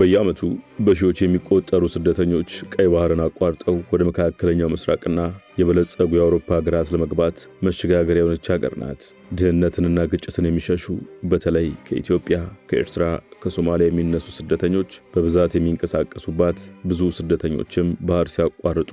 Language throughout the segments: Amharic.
በየዓመቱ በሺዎች የሚቆጠሩ ስደተኞች ቀይ ባህርን አቋርጠው ወደ መካከለኛው ምስራቅና የበለጸጉ የአውሮፓ ሀገራት ለመግባት መሸጋገሪያ የሆነች ሀገር ናት። ድህነትንና ግጭትን የሚሸሹ በተለይ ከኢትዮጵያ፣ ከኤርትራ፣ ከሶማሊያ የሚነሱ ስደተኞች በብዛት የሚንቀሳቀሱባት፣ ብዙ ስደተኞችም ባህር ሲያቋርጡ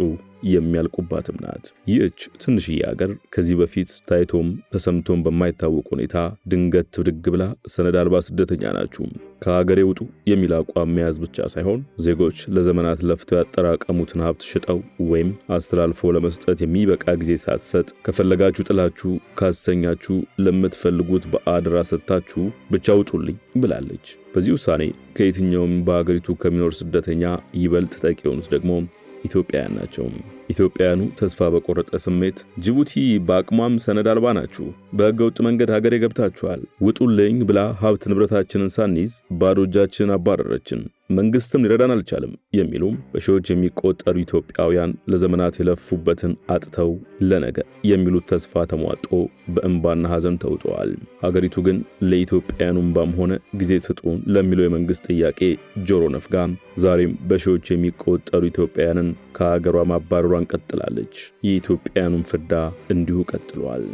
የሚያልቁባትም ናት። ይህች ትንሽዬ አገር ከዚህ በፊት ታይቶም ተሰምቶም በማይታወቅ ሁኔታ ድንገት ትብድግ ብላ ሰነድ አልባ ስደተኛ ናችሁ ከሀገሬ ውጡ የሚል አቋም መያዝ ብቻ ሳይሆን ዜጎች ለዘመናት ለፍተው ያጠራቀሙትን ሀብት ሽጠው ወይም አስተላልፎ ለመስጠት የሚበቃ ጊዜ ሳትሰጥ ከፈለጋችሁ ጥላችሁ ካሰኛችሁ ለምትፈልጉት በአድራ ሰጥታችሁ ብቻ ውጡልኝ ብላለች። በዚህ ውሳኔ ከየትኛውም በሀገሪቱ ከሚኖር ስደተኛ ይበልጥ ተጠቂ የሆኑት ደግሞ ኢትዮጵያውያን ናቸው። ኢትዮጵያውያኑ ተስፋ በቆረጠ ስሜት ጅቡቲ በአቅሟም ሰነድ አልባ ናችሁ፣ በሕገ ወጥ መንገድ ሀገሬ ገብታችኋል፣ ውጡልኝ ብላ ሀብት ንብረታችንን ሳንይዝ ባዶ እጃችን አባረረችን፣ መንግሥትም ሊረዳን አልቻለም የሚሉም በሺዎች የሚቆጠሩ ኢትዮጵያውያን ለዘመናት የለፉበትን አጥተው ለነገ የሚሉት ተስፋ ተሟጦ በእንባና ሐዘን ተውጠዋል። ሀገሪቱ ግን ለኢትዮጵያውያኑ እንባም ሆነ ጊዜ ስጡን ለሚለው የመንግሥት ጥያቄ ጆሮ ነፍጋ ዛሬም በሺዎች የሚቆጠሩ ኢትዮጵያውያንን ከሀገሯ ማባረሯ መዘዋወሯን ቀጥላለች። የኢትዮጵያውያኑን ፍዳ እንዲሁ ቀጥሏል።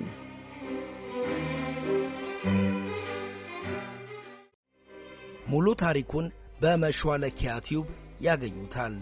ሙሉ ታሪኩን በመሿለኪያ ቲዩብ ያገኙታል።